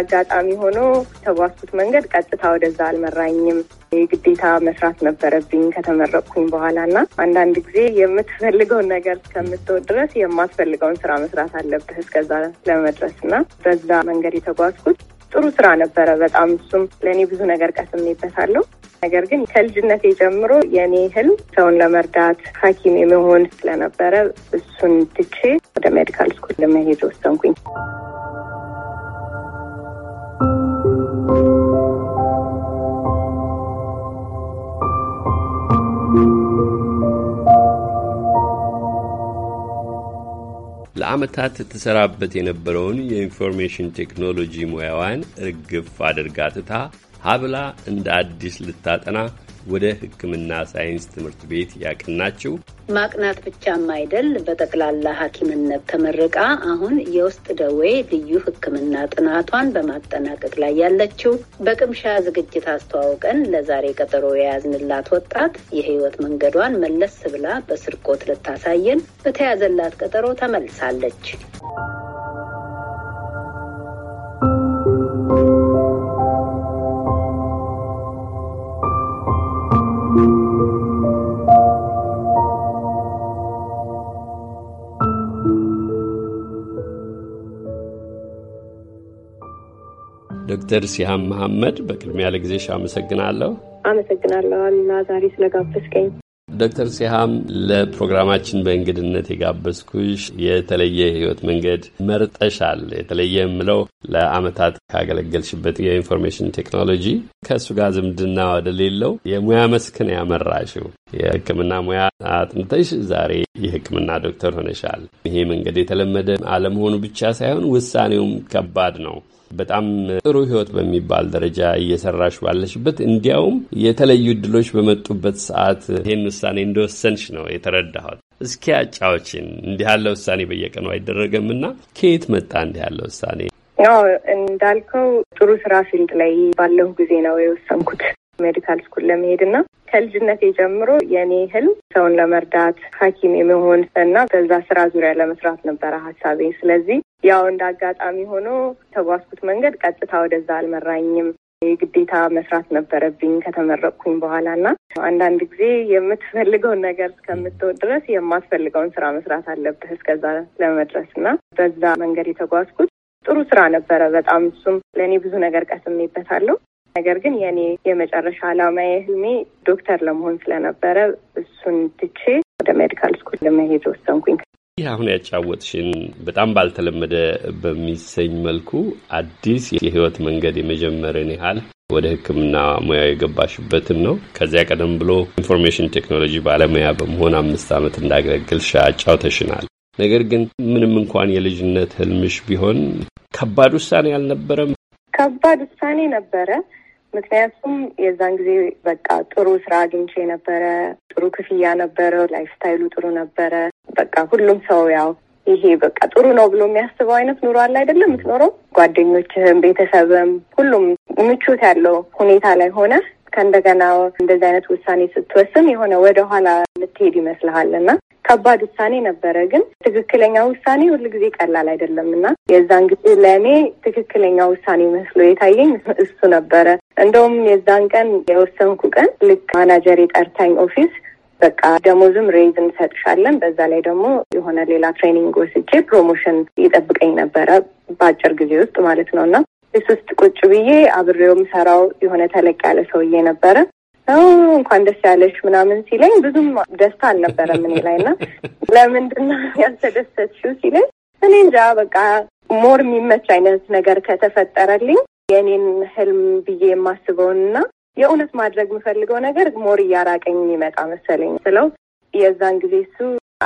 አጋጣሚ ሆኖ የተጓዝኩት መንገድ ቀጥታ ወደዛ አልመራኝም። የግዴታ መስራት ነበረብኝ ከተመረቅኩኝ በኋላ እና አንዳንድ ጊዜ የምትፈልገውን ነገር እስከምትወድ ድረስ የማትፈልገውን ስራ መስራት አለብህ እስከዛ ለመድረስ እና በዛ መንገድ የተጓዝኩት ጥሩ ስራ ነበረ። በጣም እሱም ለእኔ ብዙ ነገር ቀስሜበታለሁ። ነገር ግን ከልጅነቴ ጀምሮ የእኔ ህልም ሰውን ለመርዳት ሐኪም የመሆን ስለነበረ እሱን ትቼ ወደ ሜዲካል ስኩል ለመሄድ ወሰንኩኝ። ለዓመታት ትሰራበት የነበረውን የኢንፎርሜሽን ቴክኖሎጂ ሙያዋን እርግፍ አድርጋ ትታ ሀብላ እንደ አዲስ ልታጠና ወደ ሕክምና ሳይንስ ትምህርት ቤት ያቀናችው ማቅናት ብቻም አይደል፣ በጠቅላላ ሐኪምነት ተመርቃ አሁን የውስጥ ደዌ ልዩ ሕክምና ጥናቷን በማጠናቀቅ ላይ ያለችው በቅምሻ ዝግጅት አስተዋውቀን ለዛሬ ቀጠሮ የያዝንላት ወጣት የህይወት መንገዷን መለስ ብላ በስርቆት ልታሳየን በተያዘላት ቀጠሮ ተመልሳለች። ዶክተር ሲሃም መሐመድ በቅድሚያ ለጊዜሽ አመሰግናለሁ። አመሰግናለሁ አሉላ ዛሬ ስለጋበዝከኝ። ዶክተር ሲሃም ለፕሮግራማችን በእንግድነት የጋበዝኩሽ የተለየ የህይወት መንገድ መርጠሻል። የተለየ የምለው ለአመታት ካገለገልሽበት የኢንፎርሜሽን ቴክኖሎጂ ከእሱ ጋር ዝምድና ወደሌለው የሙያ መስክን ያመራሽው የሕክምና ሙያ አጥንተሽ ዛሬ የሕክምና ዶክተር ሆነሻል። ይሄ መንገድ የተለመደ አለመሆኑ ብቻ ሳይሆን ውሳኔውም ከባድ ነው። በጣም ጥሩ ህይወት በሚባል ደረጃ እየሰራሽ ባለሽበት እንዲያውም የተለዩ እድሎች በመጡበት ሰዓት ይህን ውሳኔ እንደወሰንሽ ነው የተረዳሁት። እስኪ አጫዎችን እንዲህ ያለ ውሳኔ በየቀኑ አይደረገም እና ከየት መጣ እንዲህ ያለ ውሳኔ? ያው እንዳልከው ጥሩ ስራ ፊልድ ላይ ባለሁ ጊዜ ነው የወሰንኩት። ሜዲካል ስኩል ለመሄድ እና ከልጅነቴ ጀምሮ የኔ ህልም ሰውን ለመርዳት ሐኪም የመሆን እና በዛ ስራ ዙሪያ ለመስራት ነበረ ሀሳቤ። ስለዚህ ያው እንደ አጋጣሚ ሆኖ ተጓዝኩት መንገድ ቀጥታ ወደዛ አልመራኝም። የግዴታ መስራት ነበረብኝ ከተመረቅኩኝ በኋላ እና አንዳንድ ጊዜ የምትፈልገውን ነገር እስከምትወድ ድረስ የማትፈልገውን ስራ መስራት አለብህ እስከዛ ለመድረስ እና በዛ መንገድ የተጓዝኩት ጥሩ ስራ ነበረ በጣም እሱም ለእኔ ብዙ ነገር ቀስሜበታለሁ። ነገር ግን የኔ የመጨረሻ አላማ ህልሜ ዶክተር ለመሆን ስለነበረ እሱን ትቼ ወደ ሜዲካል ስኩል ለመሄድ ወሰንኩኝ። ይህ አሁን ያጫወትሽን በጣም ባልተለመደ በሚሰኝ መልኩ አዲስ የህይወት መንገድ የመጀመርን ያህል ወደ ሕክምና ሙያ የገባሽበትን ነው። ከዚያ ቀደም ብሎ ኢንፎርሜሽን ቴክኖሎጂ ባለሙያ በመሆን አምስት ዓመት እንዳገለገልሽ አጫውተሽናል። ነገር ግን ምንም እንኳን የልጅነት ህልምሽ ቢሆን ከባድ ውሳኔ አልነበረም? ከባድ ውሳኔ ነበረ። ምክንያቱም የዛን ጊዜ በቃ ጥሩ ስራ አግኝቼ ነበረ። ጥሩ ክፍያ ነበረ። ላይፍ ስታይሉ ጥሩ ነበረ። በቃ ሁሉም ሰው ያው ይሄ በቃ ጥሩ ነው ብሎ የሚያስበው አይነት ኑሮ አለ አይደለም የምትኖረው። ጓደኞችህም ቤተሰብም ሁሉም ምቾት ያለው ሁኔታ ላይ ሆነ ከእንደገና እንደዚህ አይነት ውሳኔ ስትወስን የሆነ ወደኋላ የምትሄድ ይመስልሃል እና ከባድ ውሳኔ ነበረ። ግን ትክክለኛ ውሳኔ ሁል ጊዜ ቀላል አይደለም እና የዛን ጊዜ ለእኔ ትክክለኛ ውሳኔ መስሎ የታየኝ እሱ ነበረ። እንደውም የዛን ቀን የወሰንኩ ቀን ልክ ማናጀር የጠርታኝ ኦፊስ በቃ ደሞዝም ሬይዝ እንሰጥሻለን፣ በዛ ላይ ደግሞ የሆነ ሌላ ትሬኒንግ ወስጄ ፕሮሞሽን ይጠብቀኝ ነበረ በአጭር ጊዜ ውስጥ ማለት ነው እና ቤት ውስጥ ቁጭ ብዬ አብሬው የምሰራው የሆነ ተለቅ ያለ ሰውዬ ነበረ። እንኳን ደስ ያለሽ ምናምን ሲለኝ ብዙም ደስታ አልነበረም እኔ ላይ እና ለምንድን ነው ያልተደሰትሽው ሲለኝ እኔ እንጃ በቃ ሞር የሚመች አይነት ነገር ከተፈጠረልኝ የእኔን ህልም ብዬ የማስበውን የማስበውንና የእውነት ማድረግ የምፈልገው ነገር ሞር እያራቀኝ የሚመጣ መሰለኝ ስለው የዛን ጊዜ እሱ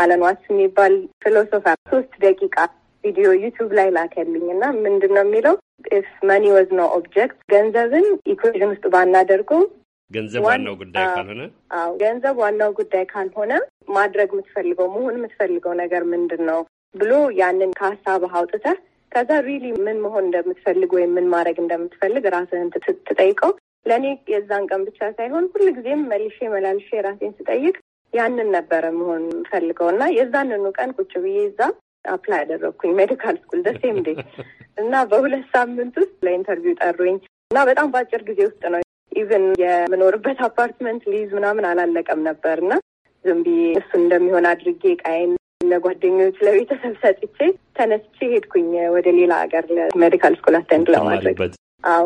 አለን ዋትስ የሚባል ፊሎሶፈር ሶስት ደቂቃ ቪዲዮ ዩቱብ ላይ ላከልኝ እና ምንድን ነው የሚለው ኢፍ መኒ ወዝ ኖ ኦብጀክት ገንዘብን ኢኩዌዥን ውስጥ ባናደርገው ገንዘብ ዋናው ጉዳይ ካልሆነ አዎ ገንዘብ ዋናው ጉዳይ ካልሆነ ማድረግ የምትፈልገው መሆን የምትፈልገው ነገር ምንድን ነው ብሎ ያንን ከሀሳብህ አውጥተህ ከዛ ሪሊ ምን መሆን እንደምትፈልግ ወይም ምን ማድረግ እንደምትፈልግ ራስህን ትጠይቀው። ለእኔ የዛን ቀን ብቻ ሳይሆን ጊዜም መልሼ መላልሼ ራሴን ስጠይቅ ያንን ነበረ መሆን የምፈልገው እና የዛንኑ ቀን ቁጭ ብዬ እዛ አፕላይ ያደረግኩኝ ሜዲካል ስኩል ደሴም ዴ እና በሁለት ሳምንት ውስጥ ለኢንተርቪው ጠሩኝ እና በጣም በአጭር ጊዜ ውስጥ ነው። ኢቨን የምኖርበት አፓርትመንት ሊዝ ምናምን አላለቀም ነበር እና ዝም ብዬ እንደሚሆን አድርጌ ቃይን ለጓደኞች ለቤተሰብ ሰጥቼ ተነስቼ ሄድኩኝ ወደ ሌላ ሀገር ለሜዲካል ስኩል አተንድ ለማድረግ። አዎ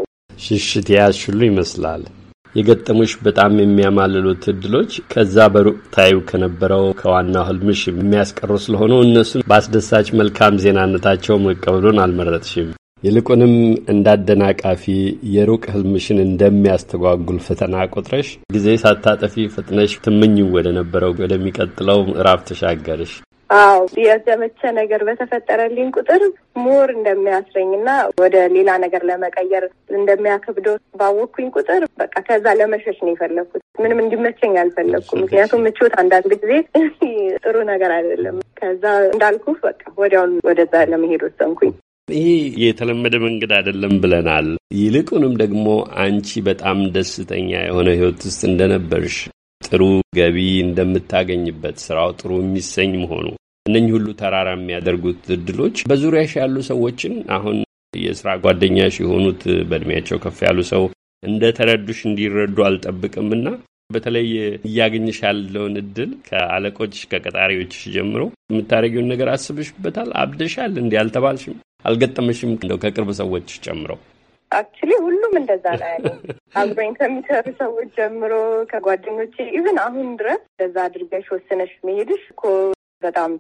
ሽሽት ያሽሉ ይመስላል። የገጠሙሽ በጣም የሚያማልሉት እድሎች ከዛ በሩቅ ታዩ ከነበረው ከዋና ህልምሽ የሚያስቀሩ ስለሆኑ እነሱን በአስደሳች መልካም ዜናነታቸው መቀበሉን አልመረጥሽም። ይልቁንም እንዳደናቃፊ የሩቅ ህልምሽን እንደሚያስተጓጉል ፈተና ቁጥረሽ ጊዜ ሳታጠፊ ፍጥነሽ ትምኝ ወደ ነበረው ወደሚቀጥለው ምዕራፍ ተሻገርሽ። አዎ የዘመቸ ነገር በተፈጠረልኝ ቁጥር ሙር እንደሚያስረኝ ወደ ሌላ ነገር ለመቀየር እንደሚያከብዶ ባወቅኩኝ ቁጥር በቃ ከዛ ለመሸሽ ነው የፈለግኩት። ምንም እንዲመቸኝ አልፈለግኩም። ምክንያቱም ምቾት አንዳንድ ጊዜ ጥሩ ነገር አይደለም። ከዛ እንዳልኩ በቃ ወዲያውን ወደዛ ለመሄድ ወሰንኩኝ። ይሄ የተለመደ መንገድ አይደለም ብለናል። ይልቁንም ደግሞ አንቺ በጣም ደስተኛ የሆነ ህይወት ውስጥ እንደነበርሽ ጥሩ ገቢ እንደምታገኝበት ስራው ጥሩ የሚሰኝ መሆኑ እነኚህ ሁሉ ተራራ የሚያደርጉት እድሎች በዙሪያሽ ያሉ ሰዎችን አሁን የስራ ጓደኛሽ የሆኑት በእድሜያቸው ከፍ ያሉ ሰው እንደ ተረዱሽ እንዲረዱ አልጠብቅምና በተለይ እያገኘሽ ያለውን እድል ከአለቆች ከቀጣሪዎችሽ ጀምሮ የምታደረጊውን ነገር አስብሽበታል? አብደሻል? እንዲህ አልተባልሽም? አልገጠመሽም? እንደው ከቅርብ ሰዎች ጨምሮ አክቹሊ ሁሉም እንደዛ ላይ ያለ። አብረኝ ከሚሰሩ ሰዎች ጀምሮ ከጓደኞቼ ኢቨን አሁን ድረስ እንደዛ አድርገሽ ወስነሽ መሄድሽ እኮ በጣም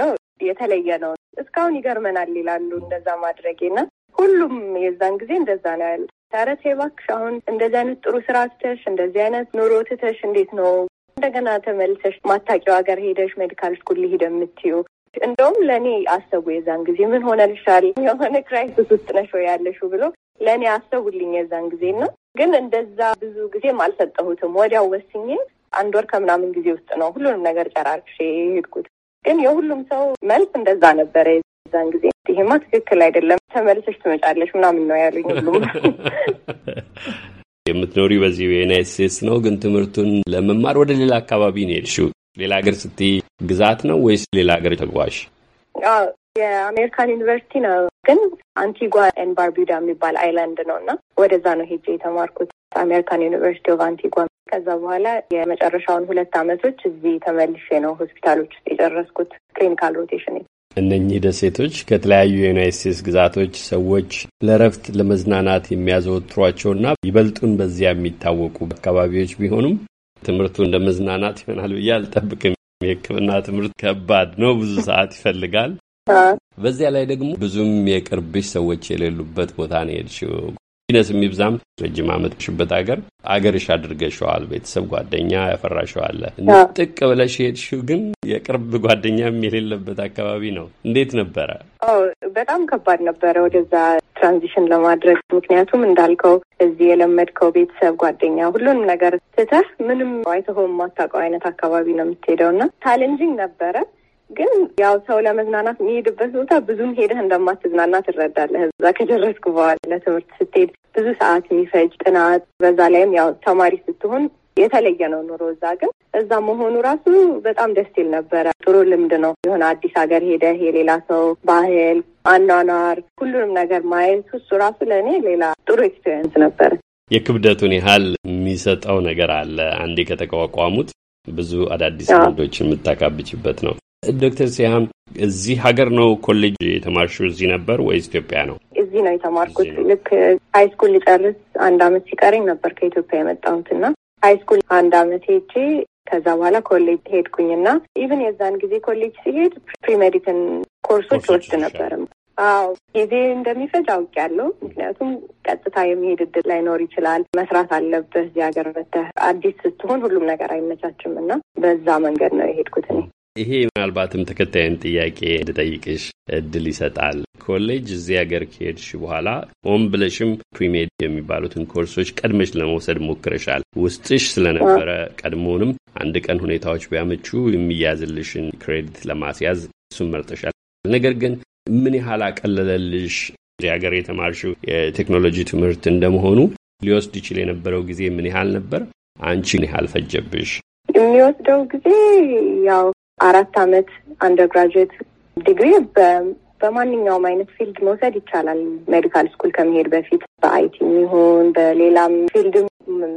ነው የተለየ ነው። እስካሁን ይገርመናል ይላሉ እንደዛ ማድረጌና ሁሉም የዛን ጊዜ እንደዛ ነው ያለ ተረት እባክሽ አሁን እንደዚህ አይነት ጥሩ ስራ ትተሽ እንደዚህ አይነት ኑሮ ትተሽ እንዴት ነው እንደገና ተመልሰሽ ማታቂው ሀገር ሄደሽ ሜዲካል ስኩል ሊሄድ የምትዩ? እንደውም ለእኔ አሰቡ የዛን ጊዜ ምን ሆነልሻል የሆነ ክራይሲስ ውስጥ ነሽ ያለሽው ብሎ ለእኔ አሰቡልኝ የዛን ጊዜ ነው። ግን እንደዛ ብዙ ጊዜም አልሰጠሁትም። ወዲያው ወስኜ አንድ ወር ከምናምን ጊዜ ውስጥ ነው ሁሉንም ነገር ጨራርሽ የሄድኩት። ግን የሁሉም ሰው መልስ እንደዛ ነበረ። የዛን ጊዜ ይሄማ ትክክል አይደለም፣ ተመልሰሽ ትመጫለሽ ምናምን ነው ያሉኝ ሁሉም። የምትኖሪ በዚህ በዩናይት ስቴትስ ነው፣ ግን ትምህርቱን ለመማር ወደ ሌላ አካባቢ ነው የሄድሽው። ሌላ ሀገር ስቲ ግዛት ነው ወይስ ሌላ ሀገር ተጓዥ የአሜሪካን ዩኒቨርሲቲ ነው፣ ግን አንቲጓ ኤን ባርቢዳ የሚባል አይላንድ ነው እና ወደዛ ነው ሄጄ የተማርኩት አሜሪካን ዩኒቨርሲቲ ኦፍ አንቲጓ ከዛ በኋላ የመጨረሻውን ሁለት አመቶች እዚህ ተመልሼ ነው ሆስፒታሎች ውስጥ የጨረስኩት ክሊኒካል ሮቴሽን። እነኚህ ደሴቶች ከተለያዩ የዩናይት ስቴትስ ግዛቶች ሰዎች ለረፍት ለመዝናናት የሚያዘወትሯቸውና ይበልጡን በዚያ የሚታወቁ አካባቢዎች ቢሆኑም ትምህርቱ እንደ መዝናናት ይሆናል ብዬ አልጠብቅም። የሕክምና ትምህርት ከባድ ነው፣ ብዙ ሰዓት ይፈልጋል። በዚያ ላይ ደግሞ ብዙም የቅርብሽ ሰዎች የሌሉበት ቦታ ነው የሄድሽው። ቢነስ የሚብዛም ረጅም ዓመት ሽበት ሀገር አገርሽ አድርገሸዋል። ቤተሰብ ጓደኛ ያፈራሸዋለ ጥቅ ብለሽ ሄድሽው ግን የቅርብ ጓደኛም የሌለበት አካባቢ ነው። እንዴት ነበረ? በጣም ከባድ ነበረ ወደዛ ትራንዚሽን ለማድረግ ምክንያቱም እንዳልከው እዚህ የለመድከው ቤተሰብ፣ ጓደኛ፣ ሁሉንም ነገር ትተህ ምንም አይተኸው የማታውቀው አይነት አካባቢ ነው የምትሄደው እና ቻሌንጂንግ ነበረ ግን ያው ሰው ለመዝናናት የሚሄድበት ቦታ ብዙም ሄደህ እንደማትዝናና ትረዳለህ። እዛ ከደረስኩ በኋላ ለትምህርት ስትሄድ ብዙ ሰዓት የሚፈጅ ጥናት፣ በዛ ላይም ያው ተማሪ ስትሆን የተለየ ነው ኑሮ። እዛ ግን እዛ መሆኑ ራሱ በጣም ደስ ይል ነበረ። ጥሩ ልምድ ነው። የሆነ አዲስ ሀገር ሄደህ የሌላ ሰው ባህል፣ አኗኗር፣ ሁሉንም ነገር ማየት እሱ ራሱ ለእኔ ሌላ ጥሩ ኤክስፔሪንስ ነበረ። የክብደቱን ያህል የሚሰጠው ነገር አለ። አንዴ ከተቋቋሙት ብዙ አዳዲስ ልምዶች የምታካብችበት ነው። ዶክተር ሲያም እዚህ ሀገር ነው ኮሌጅ የተማርሽው? እዚህ ነበር ወይስ ኢትዮጵያ ነው? እዚህ ነው የተማርኩት። ልክ ሀይ ስኩል ሊጨርስ አንድ አመት ሲቀረኝ ነበር ከኢትዮጵያ የመጣሁት እና ሀይ ስኩል አንድ አመት ሄጄ ከዛ በኋላ ኮሌጅ ሄድኩኝና ኢቭን የዛን ጊዜ ኮሌጅ ሲሄድ ፕሪሜዲትን ኮርሶች ወስድ ነበርም። አዎ ጊዜ እንደሚፈጅ አውቄያለሁ። ምክንያቱም ቀጥታ የሚሄድ እድል ላይኖር ይችላል። መስራት አለብህ እዚህ ሀገር መተህ አዲስ ስትሆን ሁሉም ነገር አይመቻችም እና በዛ መንገድ ነው የሄድኩት እኔ። ይሄ ምናልባትም ተከታይን ጥያቄ እንድጠይቅሽ እድል ይሰጣል። ኮሌጅ እዚህ ሀገር ከሄድሽ በኋላ ሆን ብለሽም ፕሪሜድ የሚባሉትን ኮርሶች ቀድመሽ ለመውሰድ ሞክረሻል። ውስጥሽ ስለነበረ ቀድሞውንም አንድ ቀን ሁኔታዎች ቢያመቹ የሚያዝልሽን ክሬዲት ለማስያዝ እሱን መርጠሻል። ነገር ግን ምን ያህል አቀለለልሽ? እዚህ ሀገር የተማርሽው የቴክኖሎጂ ትምህርት እንደመሆኑ ሊወስድ ይችል የነበረው ጊዜ ምን ያህል ነበር? አንቺ ምን ያህል ፈጀብሽ? የሚወስደው ጊዜ ያው አራት አመት አንደርግራጁዌት ዲግሪ በማንኛውም አይነት ፊልድ መውሰድ ይቻላል። ሜዲካል ስኩል ከመሄድ በፊት በአይቲ ይሁን በሌላም ፊልድ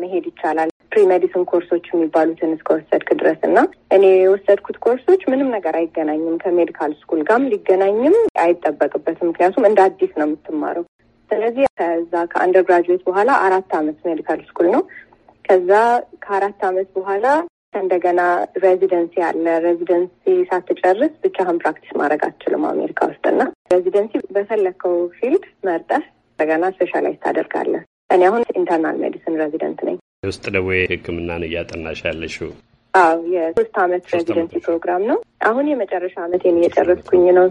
መሄድ ይቻላል። ፕሪ ሜዲሲን ኮርሶች የሚባሉትን እስከወሰድክ ድረስ እና እኔ የወሰድኩት ኮርሶች ምንም ነገር አይገናኝም ከሜዲካል ስኩል ጋርም ሊገናኝም አይጠበቅበትም። ምክንያቱም እንደ አዲስ ነው የምትማረው። ስለዚህ ከዛ ከአንደርግራጁዌት በኋላ አራት አመት ሜዲካል ስኩል ነው። ከዛ ከአራት አመት በኋላ እንደገና ሬዚደንሲ አለ። ሬዚደንሲ ሳትጨርስ ብቻህን ፕራክቲስ ማድረግ አትችልም አሜሪካ ውስጥና ሬዚደንሲ በፈለግከው ፊልድ መርጠህ እንደገና ስፔሻላይዝ ታደርጋለህ። እኔ አሁን ኢንተርናል ሜዲሲን ሬዚደንት ነኝ። የውስጥ ደዌ ሕክምና እያጠናሽ ያለሽው? አዎ የሶስት አመት ሬዚደንሲ ፕሮግራም ነው። አሁን የመጨረሻ አመቴን እየጨረስኩኝ ነው።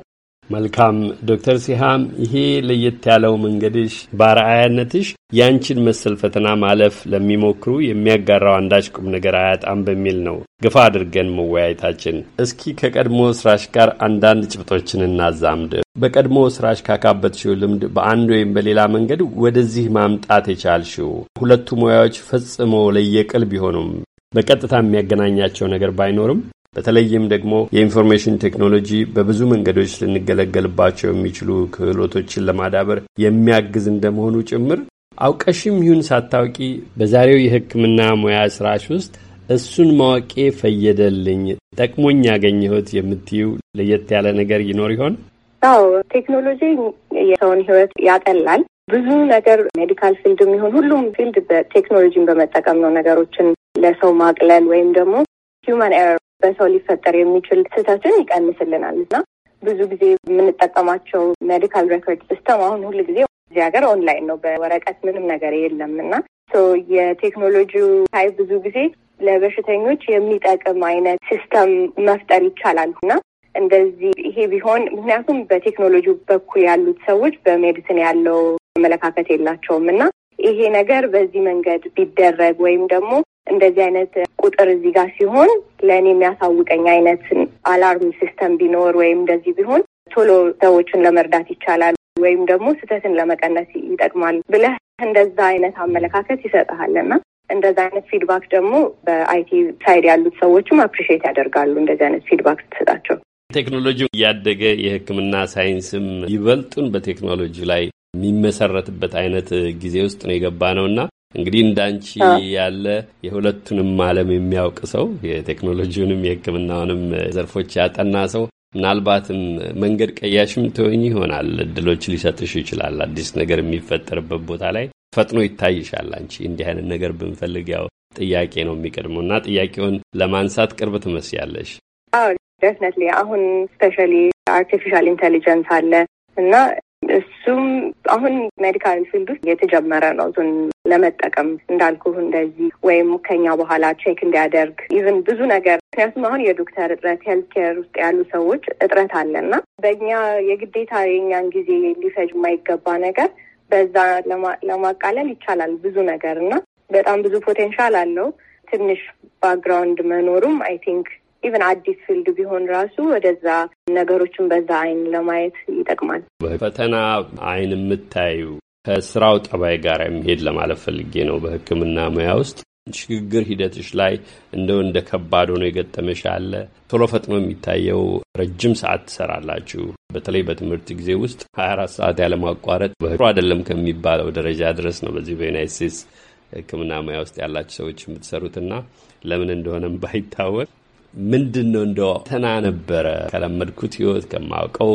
መልካም ዶክተር ሲሃም ይሄ ለየት ያለው መንገድሽ በአርአያነትሽ ያንቺን መሰል ፈተና ማለፍ ለሚሞክሩ የሚያጋራው አንዳች ቁም ነገር አያጣም በሚል ነው ግፋ አድርገን መወያየታችን። እስኪ ከቀድሞ ስራሽ ጋር አንዳንድ ጭብጦችን እናዛምድ። በቀድሞ ስራሽ ካካበትሽው ልምድ በአንድ ወይም በሌላ መንገድ ወደዚህ ማምጣት የቻልሽው ሁለቱ ሙያዎች ፈጽሞ ለየቅል ቢሆኑም በቀጥታ የሚያገናኛቸው ነገር ባይኖርም በተለይም ደግሞ የኢንፎርሜሽን ቴክኖሎጂ በብዙ መንገዶች ልንገለገልባቸው የሚችሉ ክህሎቶችን ለማዳበር የሚያግዝ እንደመሆኑ ጭምር አውቀሽም ይሁን ሳታውቂ በዛሬው የሕክምና ሙያ ስራሽ ውስጥ እሱን ማወቄ ፈየደልኝ፣ ጠቅሞኝ ያገኘሁት የምትይው ለየት ያለ ነገር ይኖር ይሆን? አዎ፣ ቴክኖሎጂ የሰውን ህይወት ያቀላል። ብዙ ነገር ሜዲካል ፊልድ የሚሆን ሁሉም ፊልድ በቴክኖሎጂን በመጠቀም ነው ነገሮችን ለሰው ማቅለል ወይም ደግሞ ሂውማን ኤረር በሰው ሊፈጠር የሚችል ስህተትን ይቀንስልናል እና ብዙ ጊዜ የምንጠቀማቸው ሜዲካል ሬኮርድ ሲስተም አሁን ሁል ጊዜ እዚህ ሀገር ኦንላይን ነው፣ በወረቀት ምንም ነገር የለም እና የቴክኖሎጂው ሳይ ብዙ ጊዜ ለበሽተኞች የሚጠቅም አይነት ሲስተም መፍጠር ይቻላል እና እንደዚህ ይሄ ቢሆን ምክንያቱም በቴክኖሎጂ በኩል ያሉት ሰዎች በሜዲሲን ያለው አመለካከት የላቸውም እና ይሄ ነገር በዚህ መንገድ ቢደረግ ወይም ደግሞ እንደዚህ አይነት ቁጥር እዚህ ጋር ሲሆን ለእኔ የሚያሳውቀኝ አይነት አላርም ሲስተም ቢኖር ወይም እንደዚህ ቢሆን ቶሎ ሰዎችን ለመርዳት ይቻላል ወይም ደግሞ ስህተትን ለመቀነስ ይጠቅማል ብለህ እንደዛ አይነት አመለካከት ይሰጥሃልና እንደዛ አይነት ፊድባክ ደግሞ በአይቲ ሳይድ ያሉት ሰዎችም አፕሪሽት ያደርጋሉ። እንደዚህ አይነት ፊድባክ ስትሰጣቸው ቴክኖሎጂ እያደገ የሕክምና ሳይንስም ይበልጡን በቴክኖሎጂ ላይ የሚመሰረትበት አይነት ጊዜ ውስጥ ነው የገባ ነው እና እንግዲህ እንዳንቺ ያለ የሁለቱንም ዓለም የሚያውቅ ሰው የቴክኖሎጂውንም የሕክምናውንም ዘርፎች ያጠና ሰው ምናልባትም መንገድ ቀያሽም ትሆኝ ይሆናል። እድሎች ሊሰጥሽ ይችላል። አዲስ ነገር የሚፈጠርበት ቦታ ላይ ፈጥኖ ይታይሻል። አንቺ እንዲህ አይነት ነገር ብንፈልግ ያው ጥያቄ ነው የሚቀድመው እና ጥያቄውን ለማንሳት ቅርብ ትመስያለሽ። አዎ ደፍነት አሁን ስፔሻሊ አርቲፊሻል ኢንቴሊጀንስ አለ እና እሱም አሁን ሜዲካል ፊልድ ውስጥ የተጀመረ ነው። እሱን ለመጠቀም እንዳልኩህ እንደዚህ ወይም ከኛ በኋላ ቼክ እንዲያደርግ ኢቨን ብዙ ነገር ምክንያቱም አሁን የዶክተር እጥረት ሄልትኬር ውስጥ ያሉ ሰዎች እጥረት አለና በእኛ የግዴታ የኛን ጊዜ ሊፈጅ የማይገባ ነገር በዛ ለማቃለል ይቻላል ብዙ ነገር እና በጣም ብዙ ፖቴንሻል አለው። ትንሽ ባክግራውንድ መኖሩም አይ ቲንክ ኢቨን አዲስ ፊልድ ቢሆን ራሱ ወደዛ ነገሮችን በዛ አይን ለማየት ይጠቅማል። በፈተና አይን የምታዩ ከስራው ጠባይ ጋር የሚሄድ ለማለት ፈልጌ ነው። በሕክምና ሙያ ውስጥ ሽግግር ሂደትሽ ላይ እንደው እንደ ከባድ ሆኖ የገጠመሽ አለ? ቶሎ ፈጥኖ የሚታየው ረጅም ሰዓት ትሰራላችሁ። በተለይ በትምህርት ጊዜ ውስጥ 24 ሰዓት ያለማቋረጥ በህሩ አይደለም ከሚባለው ደረጃ ድረስ ነው በዚህ በዩናይት ስቴትስ ሕክምና ሙያ ውስጥ ያላችሁ ሰዎች የምትሰሩትና ለምን እንደሆነም ባይታወቅ ምንድን ነው እንደ ፈተና ነበረ? ከለመድኩት ህይወት ከማውቀው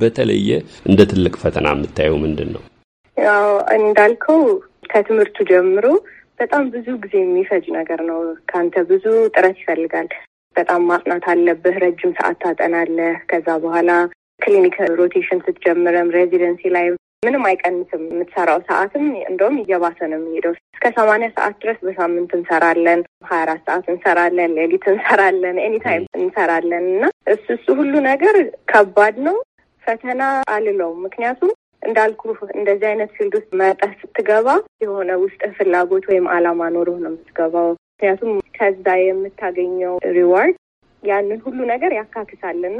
በተለየ እንደ ትልቅ ፈተና የምታየው ምንድን ነው? ያው እንዳልከው ከትምህርቱ ጀምሮ በጣም ብዙ ጊዜ የሚፈጅ ነገር ነው። ከአንተ ብዙ ጥረት ይፈልጋል። በጣም ማጥናት አለብህ። ረጅም ሰዓት ታጠናለህ። ከዛ በኋላ ክሊኒክ ሮቴሽን ስትጀምረም ሬዚደንሲ ላይ ምንም አይቀንስም። የምትሰራው ሰዓትም እንደውም እየባሰ ነው የሚሄደው። እስከ ሰማንያ ሰዓት ድረስ በሳምንት እንሰራለን። ሀያ አራት ሰዓት እንሰራለን። ሌሊት እንሰራለን። ኤኒታይም እንሰራለን እና እሱ እሱ ሁሉ ነገር ከባድ ነው። ፈተና አልለውም። ምክንያቱም እንዳልኩ እንደዚህ አይነት ፊልድ ውስጥ መጠህ ስትገባ የሆነ ውስጥ ፍላጎት ወይም አላማ ኖሮህ ነው የምትገባው። ምክንያቱም ከዛ የምታገኘው ሪዋርድ ያንን ሁሉ ነገር ያካክሳልና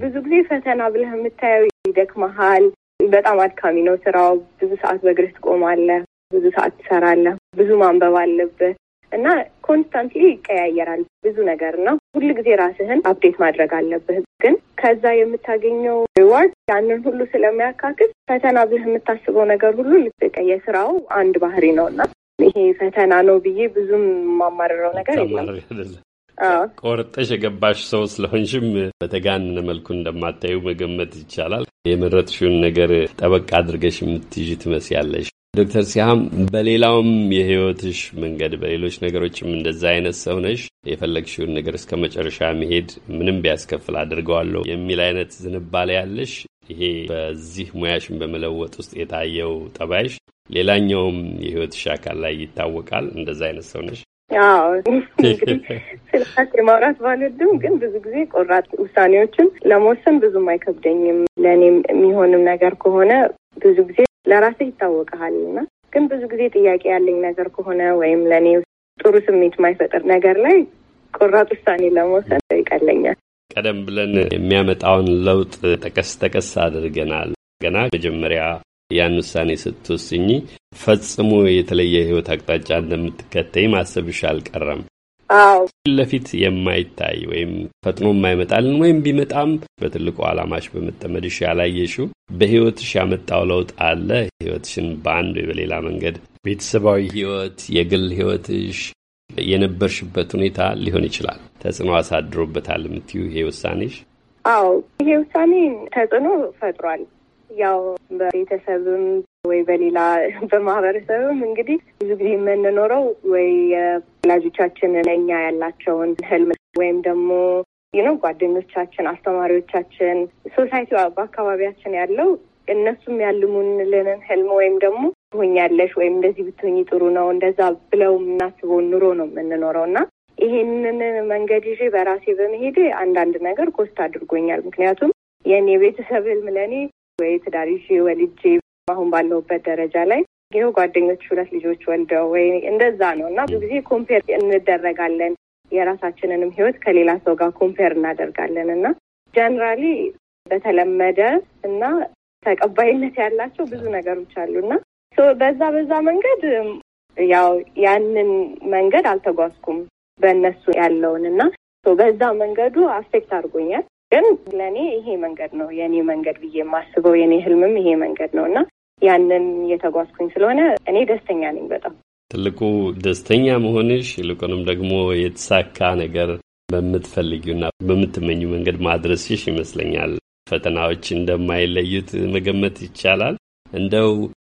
ብዙ ጊዜ ፈተና ብለህ የምታየው ይደክመሃል፣ በጣም አድካሚ ነው ስራው። ብዙ ሰዓት በእግርህ ትቆማለህ፣ ብዙ ሰዓት ትሰራለህ፣ ብዙ ማንበብ አለብህ እና ኮንስታንትሊ ይቀያየራል ብዙ ነገር እና ሁል ጊዜ ራስህን አፕዴት ማድረግ አለብህ። ግን ከዛ የምታገኘው ሪዋርድ ያንን ሁሉ ስለሚያካክል ፈተና ብለህ የምታስበው ነገር ሁሉ ልትቀ የስራው አንድ ባህሪ ነው እና ይሄ ፈተና ነው ብዬ ብዙም የማማርረው ነገር የለም። ቆርጠሽ የገባሽ ሰው ስለሆንሽም በተጋነነ መልኩ እንደማታዩ መገመት ይቻላል። የመረጥሽውን ነገር ጠበቅ አድርገሽ የምትይዥ ትመስያለሽ። ዶክተር ሲሃም በሌላውም የህይወትሽ መንገድ በሌሎች ነገሮችም እንደዛ አይነት ሰው ነሽ፣ የፈለግሽውን ነገር እስከ መጨረሻ መሄድ ምንም ቢያስከፍል አድርገዋለሁ የሚል አይነት ዝንባሌ ያለሽ፣ ይሄ በዚህ ሙያሽን በመለወጥ ውስጥ የታየው ጠባይሽ ሌላኛውም የህይወትሽ አካል ላይ ይታወቃል። እንደዛ አይነት ሰው ነሽ። እንግዲህ ስላት የማውራት ባልወድም ግን ብዙ ጊዜ ቆራጥ ውሳኔዎችን ለመወሰን ብዙም አይከብደኝም። ለእኔም የሚሆንም ነገር ከሆነ ብዙ ጊዜ ለራሴ ይታወቀሃል እና ግን ብዙ ጊዜ ጥያቄ ያለኝ ነገር ከሆነ ወይም ለእኔ ጥሩ ስሜት የማይፈጥር ነገር ላይ ቆራጥ ውሳኔ ለመወሰን ይቀለኛል። ቀደም ብለን የሚያመጣውን ለውጥ ጠቀስ ጠቀስ አድርገናል። ገና መጀመሪያ ያን ውሳኔ ስትወስኝ ፈጽሞ የተለየ ህይወት አቅጣጫ እንደምትከተይ ማሰብሽ አልቀረም። ፊት ለፊት የማይታይ ወይም ፈጥኖ የማይመጣልን ወይም ቢመጣም በትልቁ አላማሽ በመጠመድሽ ያላየሽው በህይወትሽ ያመጣው ለውጥ አለ። ህይወትሽን በአንድ ወይ በሌላ መንገድ ቤተሰባዊ ህይወት፣ የግል ህይወትሽ፣ የነበርሽበት ሁኔታ ሊሆን ይችላል ተጽዕኖ አሳድሮበታል የምትዩ ይሄ ውሳኔሽ? አዎ ይሄ ውሳኔ ተጽዕኖ ፈጥሯል። ያው በቤተሰብም ወይ በሌላ በማህበረሰብም እንግዲህ ብዙ ጊዜ የምንኖረው ወይ ወላጆቻችን ለእኛ ያላቸውን ህልም ወይም ደግሞ ነው ጓደኞቻችን፣ አስተማሪዎቻችን፣ ሶሳይቲ በአካባቢያችን ያለው እነሱም ያልሙንልንን ህልም ወይም ደግሞ ትሆኛለሽ ወይም እንደዚህ ብትሆኝ ጥሩ ነው እንደዛ ብለው የምናስበውን ኑሮ ነው የምንኖረው እና ይሄንን መንገድ ይዤ በራሴ በመሄዴ አንዳንድ ነገር ኮስት አድርጎኛል። ምክንያቱም የእኔ ቤተሰብ ህልም ለእኔ ወይ ትዳር ይዤ ወልጄ አሁን ባለሁበት ደረጃ ላይ ይኸው ጓደኞች ሁለት ልጆች ወልደው ወይ እንደዛ ነው እና ብዙ ጊዜ ኮምፔር እንደረጋለን። የራሳችንንም ህይወት ከሌላ ሰው ጋር ኮምፔር እናደርጋለን እና ጀነራሊ በተለመደ እና ተቀባይነት ያላቸው ብዙ ነገሮች እና በዛ በዛ መንገድ ያው ያንን መንገድ አልተጓዝኩም በእነሱ ያለውን እና በዛ መንገዱ አፌክት አድርጎኛል። ግን ለእኔ ይሄ መንገድ ነው የእኔ መንገድ ብዬ የማስበው የእኔ ህልምም ይሄ መንገድ ነው እና ያንን እየተጓዝኩኝ ስለሆነ እኔ ደስተኛ ነኝ በጣም ትልቁ ደስተኛ መሆንሽ ይልቁንም ደግሞ የተሳካ ነገር በምትፈልጊውና በምትመኙ መንገድ ማድረስሽ ይመስለኛል። ፈተናዎች እንደማይለዩት መገመት ይቻላል። እንደው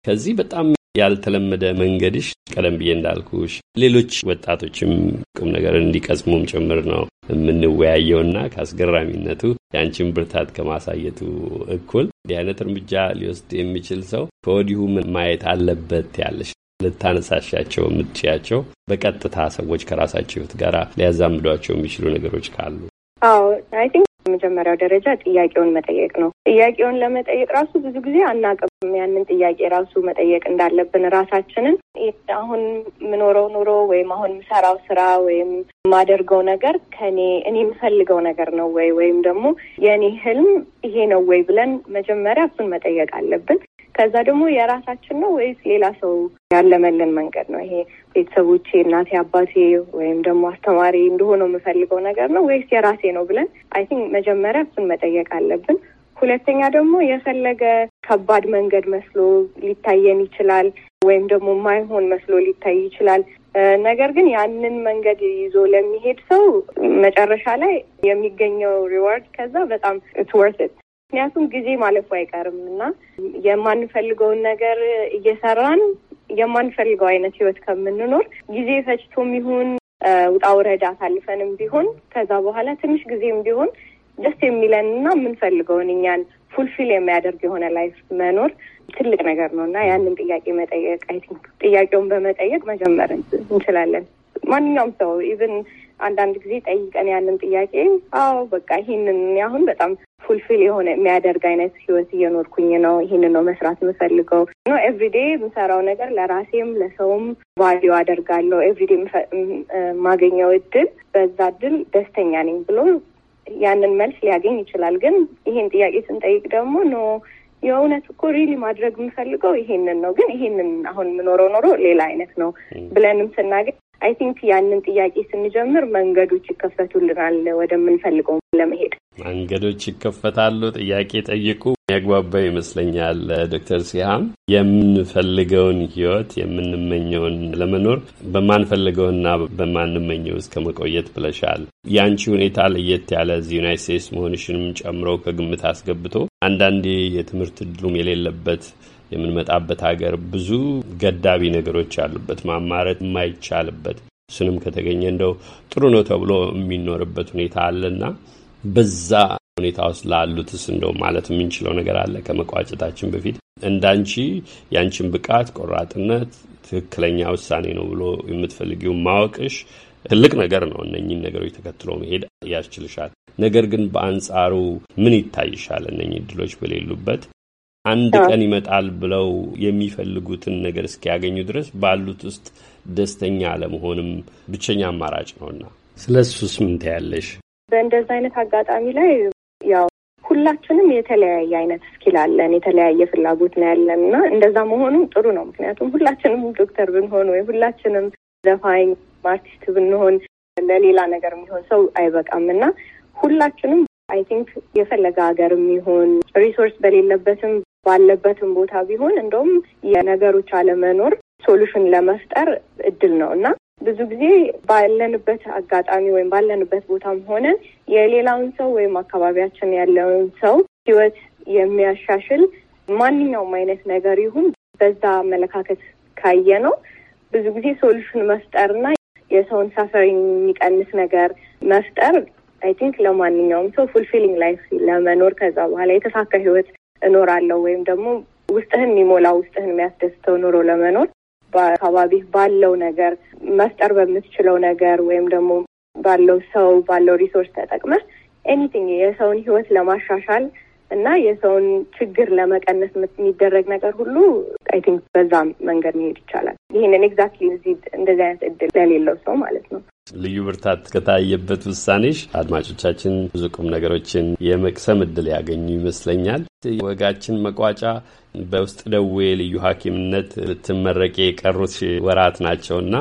ከዚህ በጣም ያልተለመደ መንገድሽ ቀደም ብዬ እንዳልኩሽ ሌሎች ወጣቶችም ቁም ነገር እንዲቀስሙም ጭምር ነው የምንወያየውና ከአስገራሚነቱ የአንቺን ብርታት ከማሳየቱ እኩል እንዲህ አይነት እርምጃ ሊወስድ የሚችል ሰው ከወዲሁ ማየት አለበት ያለሽ ልታነሳሻቸው የምትችያቸው በቀጥታ ሰዎች ከራሳቸው ሕይወት ጋር ሊያዛምዷቸው የሚችሉ ነገሮች ካሉ አዎ አይ ቲንክ የመጀመሪያው ደረጃ ጥያቄውን መጠየቅ ነው። ጥያቄውን ለመጠየቅ ራሱ ብዙ ጊዜ አናቅም። ያንን ጥያቄ ራሱ መጠየቅ እንዳለብን ራሳችንን አሁን የምኖረው ኑሮ ወይም አሁን የምሰራው ስራ ወይም የማደርገው ነገር ከኔ እኔ የምፈልገው ነገር ነው ወይ ወይም ደግሞ የእኔ ህልም ይሄ ነው ወይ ብለን መጀመሪያ እሱን መጠየቅ አለብን። ከዛ ደግሞ የራሳችን ነው ወይስ ሌላ ሰው ያለመልን መንገድ ነው? ይሄ ቤተሰቦቼ፣ እናቴ፣ አባቴ ወይም ደግሞ አስተማሪ እንደሆነው የምፈልገው ነገር ነው ወይስ የራሴ ነው ብለን አይ ቲንክ መጀመሪያ እሱን መጠየቅ አለብን። ሁለተኛ ደግሞ የፈለገ ከባድ መንገድ መስሎ ሊታየን ይችላል፣ ወይም ደግሞ ማይሆን መስሎ ሊታይ ይችላል። ነገር ግን ያንን መንገድ ይዞ ለሚሄድ ሰው መጨረሻ ላይ የሚገኘው ሪዋርድ ከዛ በጣም ኢትስ ወርት ኢት ምክንያቱም ጊዜ ማለፉ አይቀርም እና የማንፈልገውን ነገር እየሰራን የማንፈልገው አይነት ህይወት ከምንኖር ጊዜ ፈጭቶም ይሁን ውጣ ውረድ አሳልፈንም ቢሆን ከዛ በኋላ ትንሽ ጊዜም ቢሆን ደስ የሚለን እና የምንፈልገውን እኛን ፉልፊል የሚያደርግ የሆነ ላይፍ መኖር ትልቅ ነገር ነው እና ያንን ጥያቄ መጠየቅ አይ ቲንክ ጥያቄውን በመጠየቅ መጀመር እንችላለን። ማንኛውም ሰው ኢቨን አንዳንድ ጊዜ ጠይቀን ያንን ጥያቄ አዎ በቃ ይህንን አሁን በጣም ፉልፊል የሆነ የሚያደርግ አይነት ህይወት እየኖርኩኝ ነው፣ ይህንን ነው መስራት የምፈልገው ኤቭሪዴ የምሰራው ነገር ለራሴም ለሰውም ቫሊዩ አደርጋለሁ። ኤቭሪዴ የማገኘው እድል በዛ እድል ደስተኛ ነኝ ብሎ ያንን መልስ ሊያገኝ ይችላል። ግን ይሄን ጥያቄ ስንጠይቅ ደግሞ ኖ የእውነት እኮ ሪሊ ማድረግ የምፈልገው ይሄንን ነው፣ ግን ይሄንን አሁን የምኖረው ኖሮ ሌላ አይነት ነው ብለንም ስናገኝ አይ ቲንክ ያንን ጥያቄ ስንጀምር መንገዶች ይከፈቱልናል ወደምንፈልገው ለመሄድ መንገዶች ይከፈታሉ። ጥያቄ ጠይቁ ያግባባ ይመስለኛል። ዶክተር ሲሃም የምንፈልገውን ህይወት የምንመኘውን ለመኖር በማንፈልገውና በማንመኘው እስከ መቆየት ብለሻል። የአንቺ ሁኔታ ለየት ያለ እዚህ ዩናይት ስቴትስ መሆንሽንም ጨምሮ ከግምት አስገብቶ አንዳንዴ የትምህርት እድሉም የሌለበት የምንመጣበት ሀገር ብዙ ገዳቢ ነገሮች ያሉበት ማማረት የማይቻልበት እሱንም ከተገኘ እንደው ጥሩ ነው ተብሎ የሚኖርበት ሁኔታ አለና በዛ ሁኔታ ውስጥ ላሉትስ እንደው ማለት የምንችለው ነገር አለ ከመቋጨታችን በፊት እንዳንቺ ያንቺን ብቃት፣ ቆራጥነት ትክክለኛ ውሳኔ ነው ብሎ የምትፈልጊው ማወቅሽ ትልቅ ነገር ነው። እነኝን ነገሮች ተከትሎ መሄድ ያስችልሻል። ነገር ግን በአንጻሩ ምን ይታይሻል? እነኝ እድሎች በሌሉበት አንድ ቀን ይመጣል ብለው የሚፈልጉትን ነገር እስኪያገኙ ድረስ ባሉት ውስጥ ደስተኛ አለመሆንም ብቸኛ አማራጭ ነውና ስለ እሱስ ምን ታያለሽ? በእንደዛ አይነት አጋጣሚ ላይ ያው ሁላችንም የተለያየ አይነት ስኪል አለን፣ የተለያየ ፍላጎት ነው ያለን እና እንደዛ መሆኑም ጥሩ ነው። ምክንያቱም ሁላችንም ዶክተር ብንሆን ወይ ሁላችንም ዘፋኝ አርቲስት ብንሆን ለሌላ ነገር የሚሆን ሰው አይበቃም እና ሁላችንም አይ ቲንክ የፈለገ ሀገር የሚሆን ሪሶርስ በሌለበትም ባለበትም ቦታ ቢሆን እንደውም የነገሮች አለመኖር ሶሉሽን ለመፍጠር እድል ነው እና ብዙ ጊዜ ባለንበት አጋጣሚ ወይም ባለንበት ቦታም ሆነን የሌላውን ሰው ወይም አካባቢያችን ያለውን ሰው ህይወት የሚያሻሽል ማንኛውም አይነት ነገር ይሁን በዛ አመለካከት ካየ ነው ብዙ ጊዜ ሶሉሽን መፍጠርና የሰውን ሳፈሪንግ የሚቀንስ ነገር መፍጠር አይ ቲንክ ለማንኛውም ሰው ፉልፊሊንግ ላይፍ ለመኖር ከዛ በኋላ የተሳካ ህይወት እኖራለሁ ወይም ደግሞ ውስጥህን የሚሞላ ውስጥህን የሚያስደስተው ኑሮ ለመኖር በአካባቢህ ባለው ነገር መፍጠር በምትችለው ነገር ወይም ደግሞ ባለው ሰው ባለው ሪሶርስ ተጠቅመህ ኤኒቲንግ የሰውን ህይወት ለማሻሻል እና የሰውን ችግር ለመቀነስ የሚደረግ ነገር ሁሉ አይ ቲንክ በዛ መንገድ መሄድ ይቻላል። ይህንን ኤግዛክትሊ እዚህ እንደዚህ አይነት እድል ለሌለው ሰው ማለት ነው። ልዩ ብርታት ከታየበት ውሳኔሽ አድማጮቻችን ብዙ ቁም ነገሮችን የመቅሰም እድል ያገኙ ይመስለኛል። ወጋችን መቋጫ በውስጥ ደዌ ልዩ ሐኪምነት ልትመረቂ የቀሩት ወራት ናቸውና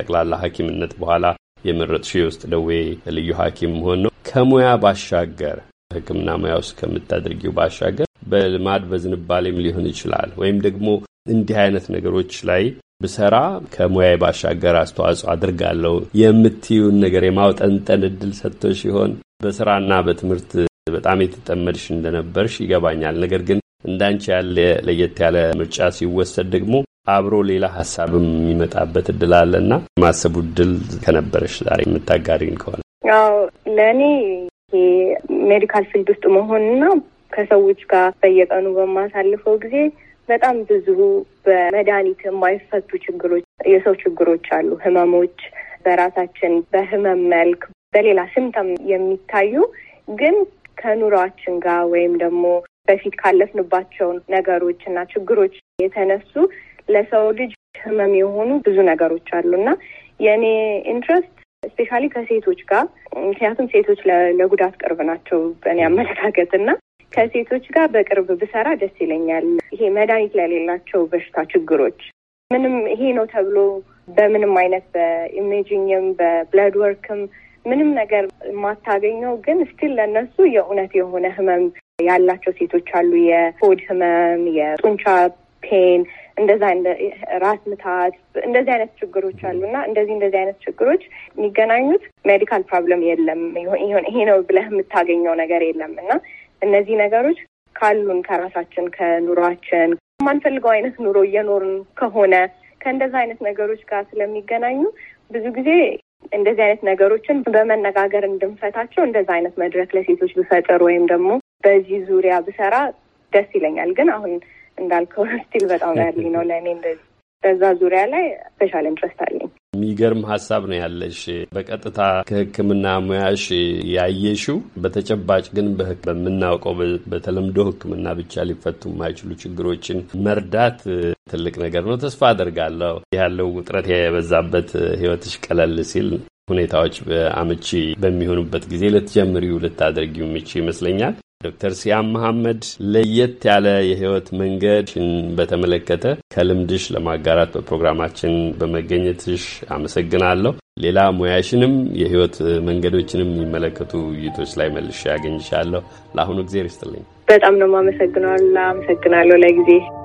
ጠቅላላ ሐኪምነት በኋላ የመረጡሽ የውስጥ ደዌ ልዩ ሐኪም መሆን ነው። ከሙያ ባሻገር ሕክምና ሙያ ውስጥ ከምታደርጊው ባሻገር በልማድ በዝንባሌም ሊሆን ይችላል ወይም ደግሞ እንዲህ አይነት ነገሮች ላይ ብሰራ ከሙያ ባሻገር አስተዋጽኦ አድርጋለሁ የምትዩን ነገር የማውጠንጠን እድል ሰጥቶ ሲሆን በስራና በትምህርት በጣም የተጠመድሽ እንደነበርሽ ይገባኛል። ነገር ግን እንዳንቺ ያለ ለየት ያለ ምርጫ ሲወሰድ ደግሞ አብሮ ሌላ ሀሳብም የሚመጣበት እድል አለና ማሰቡ እድል ከነበረሽ ዛሬ የምታጋሪን ከሆነ ለእኔ ሜዲካል ፊልድ ውስጥ መሆንና ከሰዎች ጋር በየቀኑ በማሳልፈው ጊዜ በጣም ብዙ በመድኃኒት የማይፈቱ ችግሮች፣ የሰው ችግሮች አሉ። ህመሞች በራሳችን በህመም መልክ በሌላ ስምተም የሚታዩ ግን ከኑሯችን ጋር ወይም ደግሞ በፊት ካለፍንባቸው ነገሮች እና ችግሮች የተነሱ ለሰው ልጅ ህመም የሆኑ ብዙ ነገሮች አሉ እና የእኔ ኢንትረስት እስፔሻሊ ከሴቶች ጋር ምክንያቱም ሴቶች ለጉዳት ቅርብ ናቸው በእኔ አመለካከት እና ከሴቶች ጋር በቅርብ ብሰራ ደስ ይለኛል። ይሄ መድኃኒት ለሌላቸው በሽታ ችግሮች ምንም ይሄ ነው ተብሎ በምንም አይነት በኢሜጂንግም በብለድ ወርክም ምንም ነገር የማታገኘው ግን ስቲል ለእነሱ የእውነት የሆነ ህመም ያላቸው ሴቶች አሉ። የሆድ ህመም፣ የጡንቻ ፔን እንደዛ ራስ ምታት እንደዚህ አይነት ችግሮች አሉ እና እንደዚህ እንደዚህ አይነት ችግሮች የሚገናኙት ሜዲካል ፕሮብለም የለም ይሄ ነው ብለህ የምታገኘው ነገር የለም እና እነዚህ ነገሮች ካሉን ከራሳችን ከኑሯችን የማንፈልገው አይነት ኑሮ እየኖርን ከሆነ ከእንደዛ አይነት ነገሮች ጋር ስለሚገናኙ ብዙ ጊዜ እንደዚህ አይነት ነገሮችን በመነጋገር እንድንፈታቸው እንደዛ አይነት መድረክ ለሴቶች ብፈጥር ወይም ደግሞ በዚህ ዙሪያ ብሰራ ደስ ይለኛል። ግን አሁን እንዳልከው ስቲል በጣም ያለኝ ነው ለእኔ እንደዚህ በዛ ዙሪያ ላይ ስፔሻል ኢንትረስት አለኝ። የሚገርም ሀሳብ ነው ያለሽ። በቀጥታ ከሕክምና ሙያሽ ያየሽው በተጨባጭ ግን በምናውቀው በተለምዶ ሕክምና ብቻ ሊፈቱ የማይችሉ ችግሮችን መርዳት ትልቅ ነገር ነው። ተስፋ አደርጋለሁ ያለው ውጥረት የበዛበት ህይወትሽ ቀለል ሲል ሁኔታዎች አመቺ በሚሆኑበት ጊዜ ልትጀምሪው ልታደርጊው ምቺ ይመስለኛል። ዶክተር ሲያም መሐመድ ለየት ያለ የህይወት መንገድን በተመለከተ ከልምድሽ ለማጋራት በፕሮግራማችን በመገኘትሽ አመሰግናለሁ። ሌላ ሙያሽንም የህይወት መንገዶችንም የሚመለከቱ ውይይቶች ላይ መልሼ ያገኝሻለሁ። ለአሁኑ ጊዜ ርስትልኝ በጣም ነው የማመሰግነው። አመሰግናለሁ ለጊዜ